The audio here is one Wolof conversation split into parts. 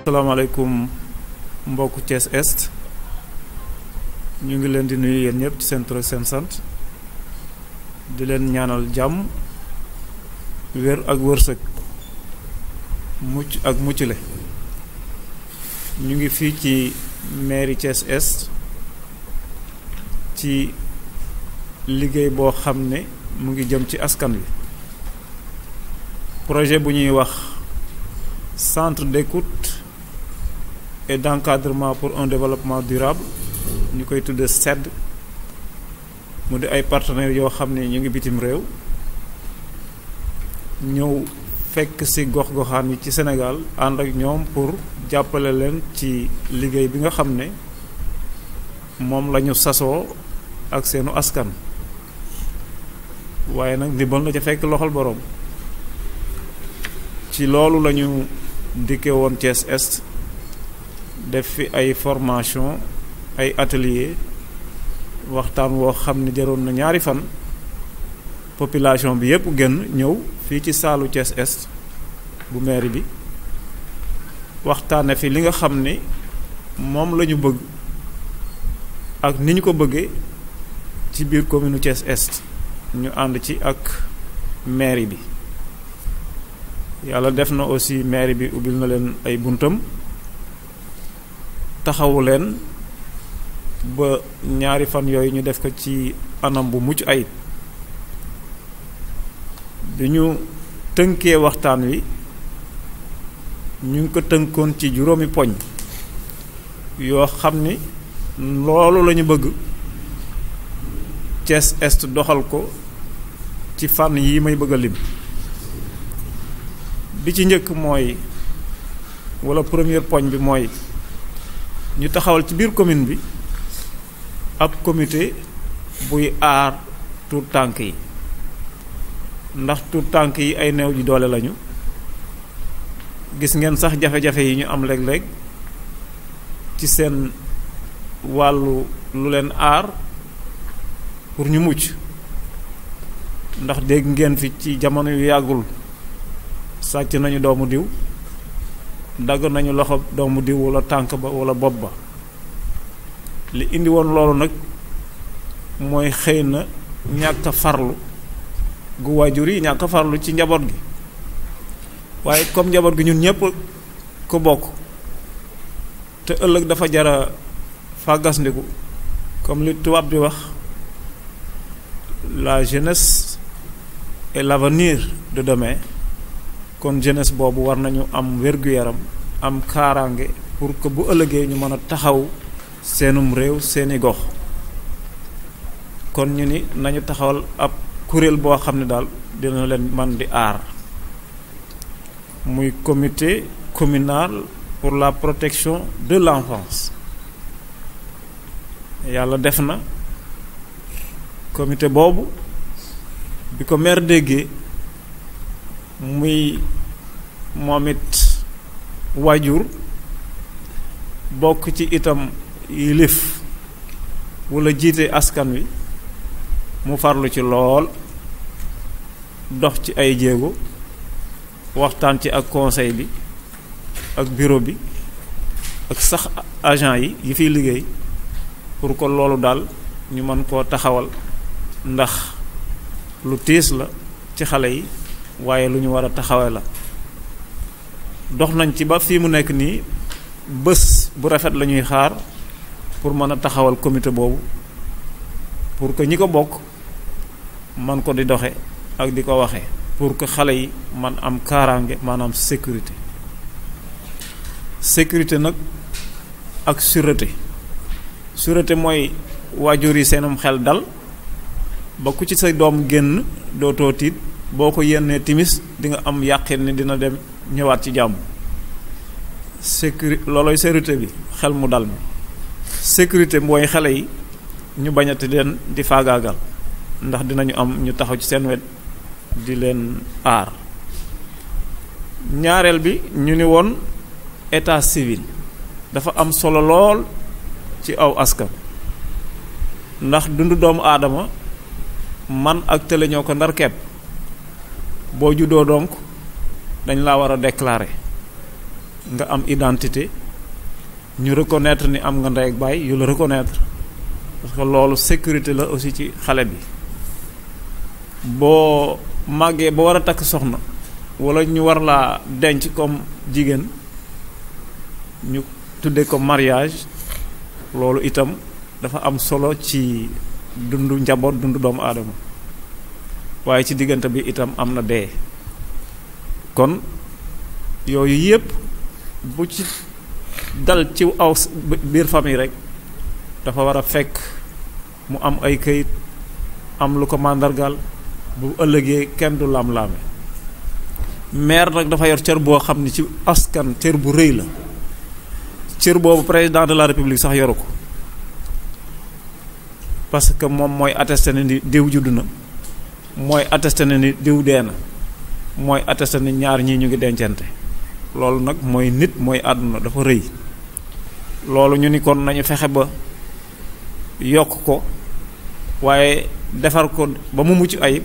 Assalamualaikum, mbok Thiès Est ñu ngi leen di nuyu yeen ñëpp ci seen tur seen sant di leen ñaanal jàmm wér ak wërsëg mucc ak muccule ñu ngi fii ci mairie Thiès Est ci liggéey boo xam ne mu ngi jëm ci askan wi projet bu ñuy wax centre d'écoute et d'encadrement pour un développement durable ñu koy tudde SED mu di ay partenaires yoo xam ne ñu ngi bitim réew ñëw fekk si gox-goxaan yi ci Sénégal ànd ak ñoom pour jàppale leen ci liggéey bi nga xam ne moom la ñu sasoo ak seenu askan waaye nag ndimbal na ca fekk loxol borom ci loolu lañu ñu dikke woon Thiès Est def fi ay formation ay atelier waxtaan woo xam ne jaroon na ñaari fan population bi yépp génn ñëw fii ci saalu Thiès Est bu maire bi waxtaane fi li nga xam ni moom la ñu bëgg ak ni ñu ko bëggee ci biir commune Thiès Est ñu ànd ci ak maire bi yàlla def na aussi maire bi ubbil na leen ay buntam taxawu leen ba ñaari fan yooyu ñu def ko ci anam bu mucc ayib bi ñu tënkee waxtaan wi ñu ngi ko tënkoon ci juróomi poñ yoo xam ni loolu lañu bëgg Thiès Est doxal ko ci fànn yi may bëgg a lim bi ci njëkk mooy walla première poñ bi mooy ñu taxawal ci biir commune bi ab comité buy aar tur tànk yi ndax tur tànk yi ay néew ji doole lañu gis ngeen sax jafe-jafe yi ñu am léeg-léeg ci seen wàllu lu leen aar pour ñu mucc ndax dégg ngeen fi ci jamono yu yàggul sàcc nañu doomu diw dag nañu loxo doomu diw wala tank ba wala bob ba li indi won lolu nak moy xeyna na farlu gu wajuri yi farlu ci njabot gi waye comme njabot gi ñun ñepp ko bok te ëlëk dafa jara gasndiku comme li tuwab di wax la jeunesse et l'avenir de demain kon jeunesse boobu war nañu am wér yaram am kaaraange pour que bu ëllëgee ñu mën a taxaw seenum réew seeni gox kon ñu ni nañu taxawal ab kuréel boo xam ne daal dina leen man di aar muy comité communal pour la protection de l'enfance yàlla def na comité boobu bi ko maire déggee muy moom it waajur bokk ci itam yilif walla jiite askan wi mu farlu ci lool dox ci ay jéego waxtaan ci ak conseil bi ak bureau bi ak sax agent yi yi fiy liggéey pour ko loolu daal ñu mën koo taxawal ndax lu tiis la ci xale yi waaye lu ñu war a taxawee la dox nañ ci ba fii mu nekk nii bés bu rafet la ñuy xaar pour mën a taxawal comité boobu pour que ñi ko bokk man ko di doxe ak di ko waxe pour que xale yi man am security. maanaam sécurité sécurité nag ak sûreté sûreté mooy waajur yi xel dal ba ku ci say doom génn dootoo tiit boko yenne timis di nga am yaqeen ni dina dem ñëwaat ci jàmm sécurité looloy sécurité bi xel mu dal mi sécurité mooy xale yi ñu bañati den di faagaagal ndax dinañu am ñu taxaw ci seen wet di leen aar ñaareel bi ñu ni woon état civil dafa am solo lool ci aw askan ndax dundu doomu aadama man ak tele ñoo ko ndar kepp boo juddoo donc dañ laa war a déclarer nga am identité ñu reconnaître ni am nga ndey ak baay yu la reconnaître parce que loolu sécurité la aussi ci xale bi boo màggee ba war a takk soxna wala ñu war laa denc comme jigéen ñu tuddee ko mariage loolu itam dafa am solo ci dundu njaboot dundu doomu aadama waaye ci diggante bi itam am na dee kon yooyu yépp bu ci dal ci aw biir famille rek dafa war a fekk mu am ay kayit am lu ko màndargaal bu ëllëgee kenn du laam-laame maire nag dafa yor cër boo xam ne ci askan cër bu rëy la cër boobu président de la république sax yoru ko parce que moom mooy attesté ne diw juddu na mooy attesté na ni diw dee na mooy attesté na ñaar ñii ñu ngi dencante loolu nag mooy nit mooy àdduna dafa rëy loolu ñu ni kon nañu fexe ba yokk ko waaye defar ko ba mu mucc ayib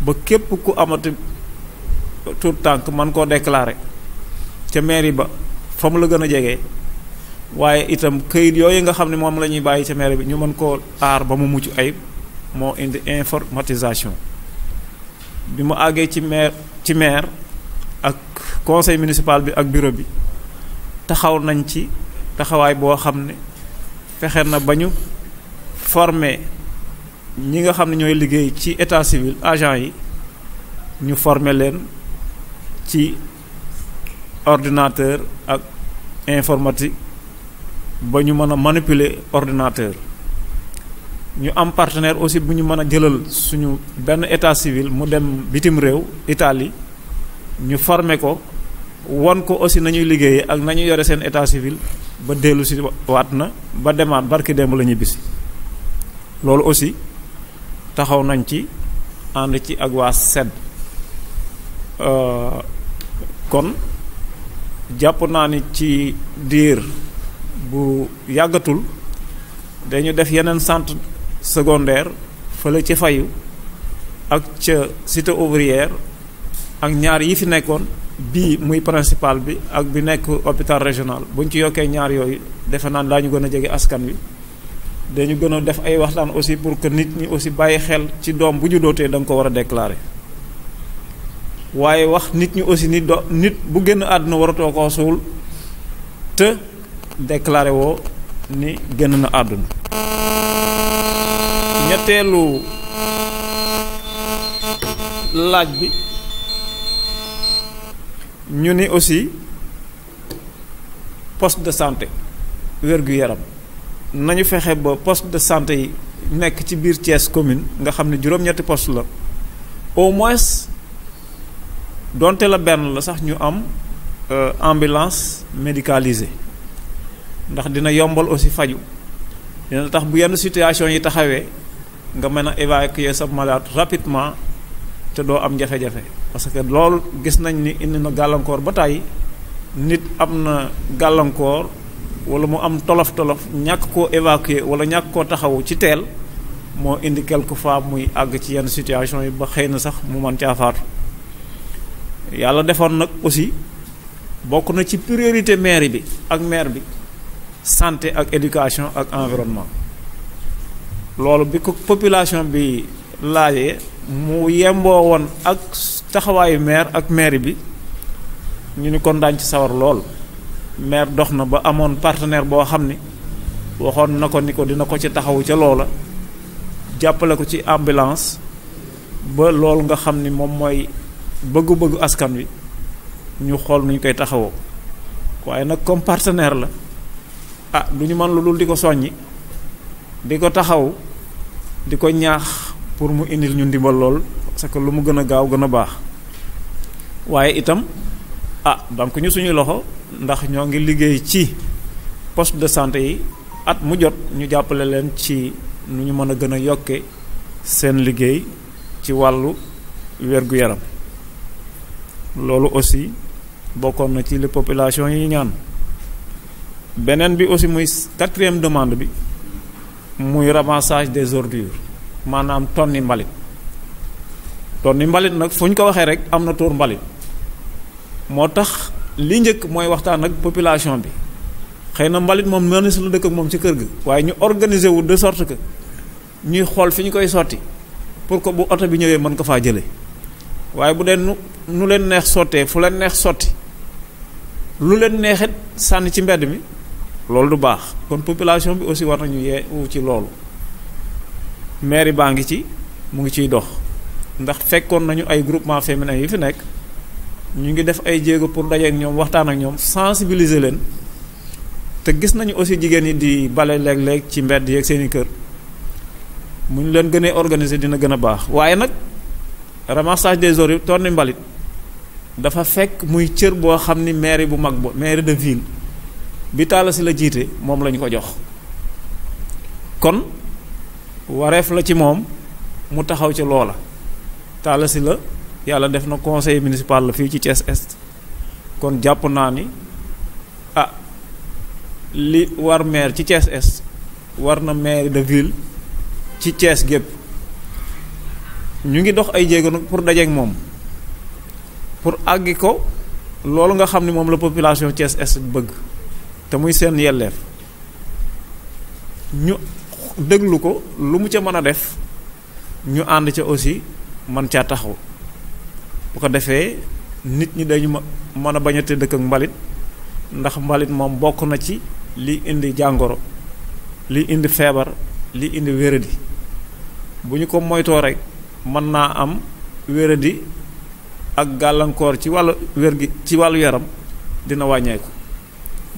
ba képp ku amati tur tànk man koo déclarer ca mairie ba fa mu la gën a jege waaye itam këyit yooyu nga xam ne moom la ñuy bàyyi ca mairie bi ñu mën koo aar ba mu mucc ayib moo indi informatisation bi ci maire ci maire conseil municipal bi ak bureau bi taxaw nañ ci ne na former ñi nga liggéey état civil agent yi ñu former ci ordinateur informatique ordinateur ñu am partenaire aussi bu ñu mën a jëlal suñu benn état civil mu dem bitim réew italie ñu formé ko won ko aussi nañuy liggéeyee ak nañu yore seen état civil ba dellu si waat na ba demaat barki demb la bis loolu aussi taxaw nañ ci ànd ci ak waa sedd euh, kon jàpp naa ni ci diir bu yàggatul dañu def yeneen centre secondaire fele ci fayu ak ci cité ouvrière ak ñaar yi fi nekkoon bi muy principal bi ak bi nekk hôpital régional buñ ci yokkee ñaar yooyu defe naan daañu gën a jege askan wi dañu gën a def ay waxtaan aussi pour que nit ñi aussi bàyyi xel ci doom bu juddootee da nga ko war a déclarer waaye wax nit ñi aussi ni do nit bu génn àdduna waratoo ko te déclarer woo ni génn na àdduna ñettelu laaj bi ñu ni aussi poste de santé wérgu yaram nañu fexé ba poste de santé yi nekk ci biir Thiès commune nga xam ne juróom-ñetti poste la au moins donte la benn la sax ñu am euh, ambulance médicalisée ndax dina yombal aussi faju dina tax bu yenn situation yi taxawee nga mën a évacuer sa malade rapidement te doo am jafe-jafe parce que lool gis nañ ni indi na gàllankoor ba tàyyi nit am na gàllankoor wala mu am tolof-tolof ñàkk koo évacuer wala ñàkk koo taxawu ci teel moo indi quelque fois muy àgg ci yenn situation yi ba xëy na sax mu man caa faatu yàlla defoon nag aussi bokk na ci priorité maire bi ak maire bi santé ak éducation ak environnement loolu bi ko population bi laajee mu yemboo woon ak taxawaayu maire ak maire bi ñu ni kon daañ ci sawar lool maire dox na ba amoon partenaire boo xam ni waxoon na ko ni ko dina ko ci taxawu ca loola jàppale ko ci ambulance ba lool nga xam ni moom mooy bëggu-bëggu askan wi ñu xool nuñ koy taxawoo waaye nag comme partenaire la ah duñu man lu dul di ko soññi di ko taxawu di ko ñaax pour mu indil ñu ndimbal lool parce que lu mu gën a gaaw gën a baax waaye itam ah donc ñu suñu loxo ndax ñoo ngi liggéey ci poste de santé yi at mu jot ñu jàppale leen ci nu ñu mën a gën a yokke seen liggéey ci wàllu wergu yaram loolu aussi bokkoon na ci les populations yi ñaan beneen bi aussi muy quatrième demande bi muy ramassage des ordures maanaam ni mbalit ton tonni mbalit nag fu ñu ko waxee rek am na tuur mbalit moo tax li njëkk mooy waxtaan ak population bi xëy na mbalit moom mënees la dëkk ak moom ci kër gi waaye ñu organiser wu de sorte que ñuy xool fi ñu koy sotti pour que bu oto bi ñëwee mën ko faa jëlee waaye bu dee nu nu leen neex sottee fu leen neex sotti lu leen neexit sànni ci mbedd mi loolu du baax kon population bi aussi war nañu yeewu ci loolu maire baa ngi ci mu ngi ciy dox ndax fekkoon nañu ay groupement féminin yi fi nekk ñu ngi def ay jéego pour dajeeg ñoom waxtaan ak ñoom sensibiliser leen te gis nañu aussi jigéen yi di bale léeg-léeg ci mbedd yeeg seen i kër mu ñu leen gënee organiser dina gën a baax waaye nag ramassage des ordures torni mbalit dafa fekk muy cër boo xam ni bu mag bo maire de ville bi taala si la jité mom lañ ko jox kon waref la ci mom mu taxaw ci lola taala si la yalla def na conseil municipal fi ci ties Est kon japp naa ah li war maire ci ties Est war na maire de ville ci ties gep ñu ngi dox ay jéego pour ak mom pour àggi ko loolu nga xamni mom la population ties Est bëgg te muy seen yelleef ñu déglu ko lu mu ca mën a def ñu ànd ca aussi man caa taxaw bu ko defee nit ñi dañu mën a bañ a tëdd ak mbalit ndax mbalit moom bokk na ci li indi jàngoro li indi feebar li indi wéradi bu ñu ko moytoo rek mën naa am wéradi ak gàllankoor ci wàllu wér gi ci wàllu yaram dina wàññeeku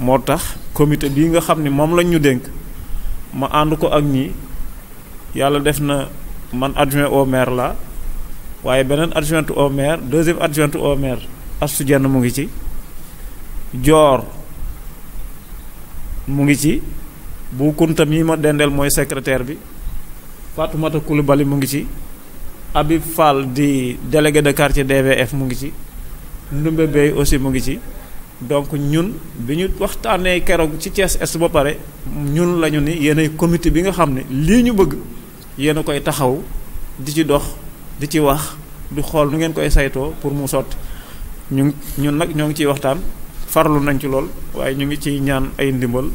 moo tax comité bii nga xam ni moom lañ ñu dénk ma ànd ko ak ñi yàlla def na man adjoint au maire la waaye beneen adjointe au maire deuxième adjointe au maire Astou Dieng mu ngi ci joor mu ngi ci bu Kunta mi ma dendeel mooy secrétaire bi Fatoumata bali mu ngi ci Habib Fall di délégué de quartier DVF mu ngi ci Ndumbe Bey aussi mu ngi ci donc ñun bi ñu waxtaanee keroog ci ties Est ba pare ñun lañu ni yéenay comité bi nga xam ne lii ñu bëgg yéen a koy taxaw di ci dox di ci wax di xool nu ngeen koy saytoo pour mu sotti ñu ñun nag ñoo ngi ciy waxtaan farlu nañ ci lool waaye ñu ngi ciy ñaan ay ndimbal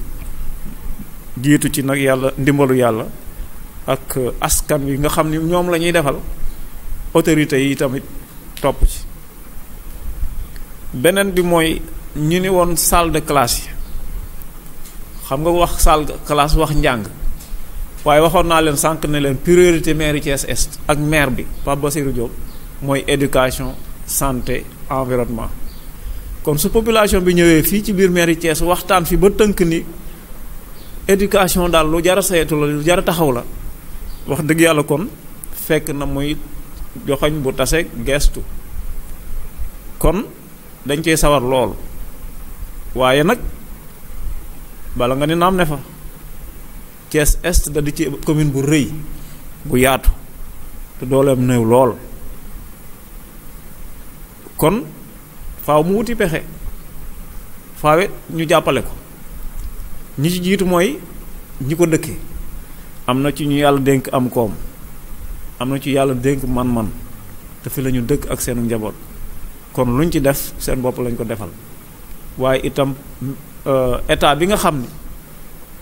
jiitu ci nag yàlla ndimbalu yàlla ak askan wi nga xam ni ñoom la ñuy defal autorité yi tamit topp ci beneen bi mooy ñu ni won salle de classe xam nga wax salle classe wax njang waye waxon na len sank ne len priorité maire ci Est ak maire bi pa Bassirou Diop moy éducation santé environnement kon su population bi ñëwé fi ci bir maire est waxtaan fi ba teunk ni éducation dal lu jara a lu jara taxaw la wax deug yalla kon fekk na moy joxoñ bu tassé gestu kon dañ cey sawar lol waaye nag bala nga ne naam ne fa Thiès Est da di ci commune bu rëy bu yaatu te dooleem néew lool kon faw mu wuti pexe faawe ñu jàppale ko ñi ci jiitu mooy ñi ko dëkkee am na ci ñu yàlla dénk am koom am na ci yàlla dénk man-man te fi la dëkk ak seenu njaboot kon luñ ci def seen bopp lañ ko defal waaye itam euh, état bi nga xam ne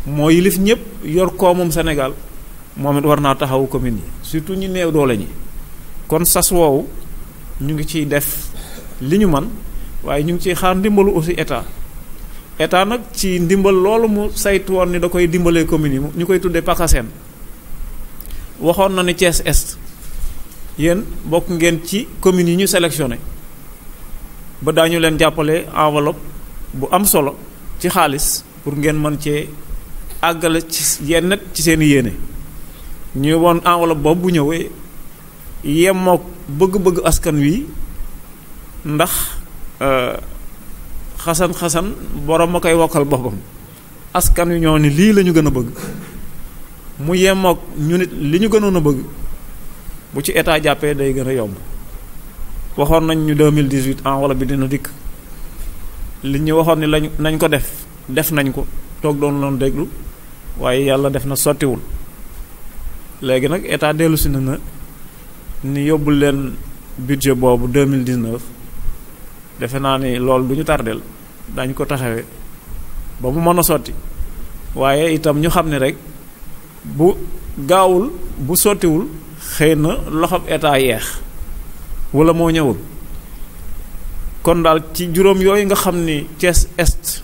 moo yilif ñëpp yor koomum Sénégal moom it war naa taxawu commune yi surtout ñi néew doole ñi kon sas woowu ñu ngi ciy def li ñu man waaye ñu ngi ciy xaar ndimbalu aussi état état nag ci ndimbal loolu mu saytu woon ni da koy dimbalee commune yi ñu koy tuddee pakaseen waxoon na ni Thiès Est yéen bokk ngeen ci commune yi ñu sélectionné ba daañu leen jàppale enveloppe bu am solo ci xaalis pour ngeen mën cee àggale ci yenn ci seen yéene ñu woon enveloppe boobu bu ñëwee yemmook bëgg-bëgg askan wi ndax euh, xasan-xasan borom ma koy wokkal boppam askan wi ñoo ni lii la ñu gën a bëgg mu yemmook ñu nit li ñu gënoon a bëgg bu ci état jàppee day gën a yomb waxoon nañ ñu 2018 enveloppe bi dina dikk li ñu waxoon ni lañ nañ ko def def nañ ko toog doon loon déglu waaye yàlla def na sottiwul léegi nag état dellu si na na ni yóbbu leen budget boobu 2019 defe naa ni lool du ñu tardel dañ ko taxawee ba mu mën a sotti waaye itam ñu xam ne rek bu gaawul bu sottiwul xëy na loxob état yeex wala moo ñëwul kon daal ci juróom yooyu nga xam ni Thiès Est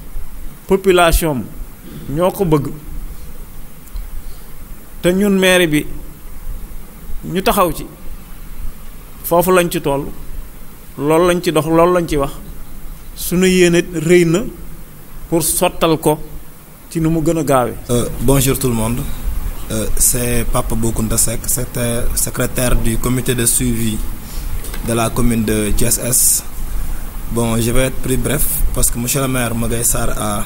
population ñoo ko bëgg te ñun maire bi ñu taxaw ci foofu lañ ci toll loolu lañ ci dox loolu lañ ci wax suñu yéene rëy na pour sottal ko ci nu mu gën a gaawee. Euh, bonjour tout le monde euh, c'est Papa Bokounta Seck secrétaire euh, secrétaire du comité de suivi de la commune de Thiès Est. Bon, je vais être plus bref parce que M. le maire Magaïsar a,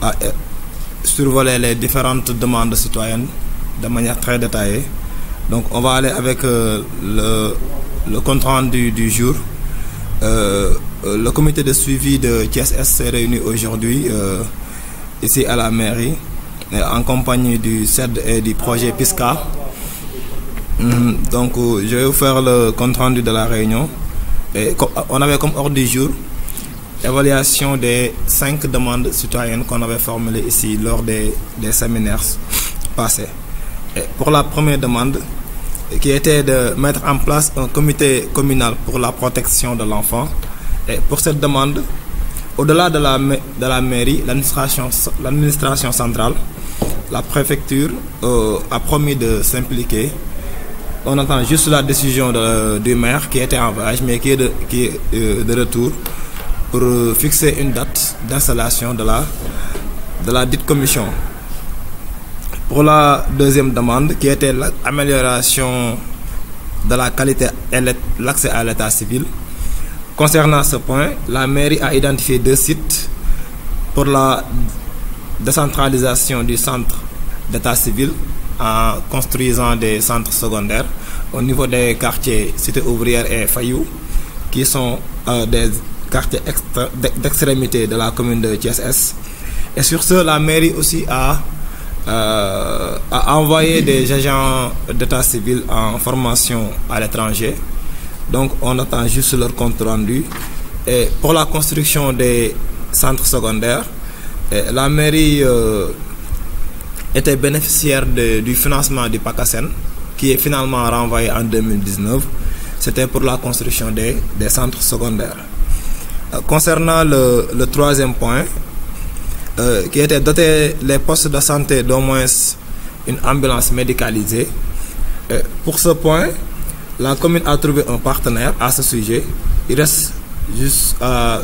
a, euh, survolé les différentes demandes citoyennes de manière très détaillée. Donc, on va aller avec euh, le, compte rendu du jour. Euh, le comité de suivi de TSS s'est réuni aujourd'hui ici à la mairie en compagnie du CED et du projet PISCA. Mm-hmm. Donc, je vais vous faire le compte rendu de la réunion on avait comme hors du jour l'évaluation des cinq demandes citoyennes qu'on avait formulées ici lors des, séminaires passés. pour la première demande, qui était de mettre en place un comité communal pour la protection de l'enfant. pour cette demande, au-delà de la, de la mairie, l'administration centrale, la préfecture euh, a promis de s'impliquer on attend juste la décision euh, du maire qui était en voyage mais qui est de, euh, de retour pour euh, fixer une date d'installation de la, de la dite commission. Pour la deuxième demande qui était l'amélioration de la qualité et l'accès à l'état civil, concernant ce point, la mairie a identifié deux sites pour la décentralisation du centre d'état civil en construisant des centres secondaires au niveau des quartiers Cité ouvrière et Fayou, qui sont euh, des quartiers d'extrémité de la commune de TSS. Et sur ce, la mairie aussi euh, a, envoyé des agents d'état civil en formation à l'étranger. Donc on attend juste leur compte rendu. Et pour la construction des centres secondaires, la mairie... Euh, était bénéficiaire du financement du PACASEN, qui est finalement renvoyé en 2019. C'était pour la construction des, centres secondaires. Euh, concernant le, troisième point, euh, qui était doter les postes de santé d'au moins une ambulance médicalisée, euh, pour ce point, la commune a trouvé un partenaire à ce sujet. Il reste juste à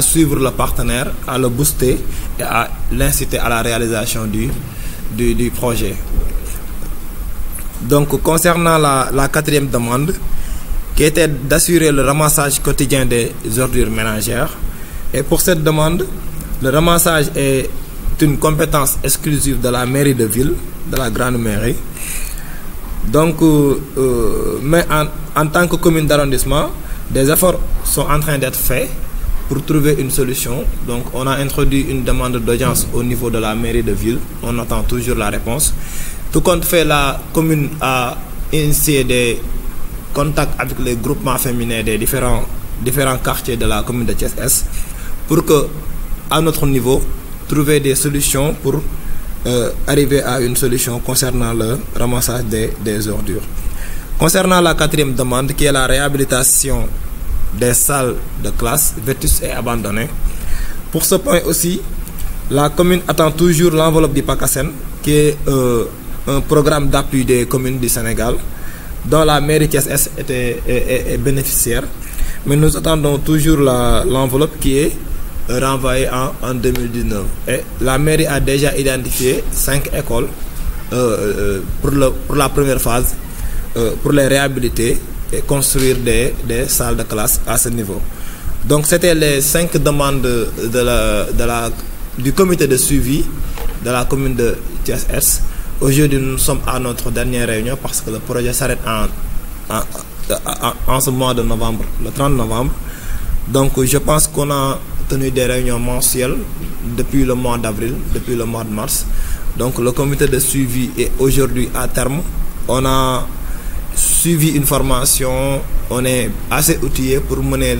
suivre le partenaire, à le booster et à l'inciter à la réalisation du, du, projet. Donc, concernant la, quatrième demande, qui était d'assurer le ramassage quotidien des ordures ménagères, et pour cette demande, le ramassage est une compétence exclusive de la mairie de ville, de la grande mairie. Donc, euh, euh, mais en, en tant que commune d'arrondissement, des efforts sont en train d'être faits pour trouver une solution. Donc, on a introduit une demande d'audience au niveau de la mairie de ville. On attend toujours la réponse. Tout compte fait, la commune a initié des contacts avec les groupements féminins des différents, différents quartiers de la commune de thiès pour que, à notre niveau, trouver des solutions pour euh, arriver à une solution concernant le ramassage des, des ordures. Concernant la quatrième demande, qui est la réhabilitation des salles de classe vertus est abandonné. Pour ce point aussi, la commune attend toujours l'enveloppe du PACASEN, qui est euh, un programme d'appui des communes du Sénégal, dont la mairie TSS est, bénéficiaire. Mais nous attendons toujours l'enveloppe qui est euh, renvoyée en, 2019. Et la mairie a déjà identifié cinq écoles euh, pour, la première phase, pour les réhabiliter construire des, des salles de classe à ce niveau. Donc c'était les cinq demandes de de la, du comité de suivi de la commune de TSS. Aujourd'hui, nous sommes à notre dernière réunion parce que le projet s'arrête en, en, en, ce mois de novembre, le 30 novembre. Donc je pense qu'on a tenu des réunions mensuelles depuis le mois d'avril, depuis le mois de mars. Donc le comité de suivi est aujourd'hui à terme. On a suivi une formation, on est assez outillé pour mener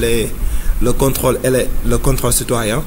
le, contrôle, et le contrôle citoyen.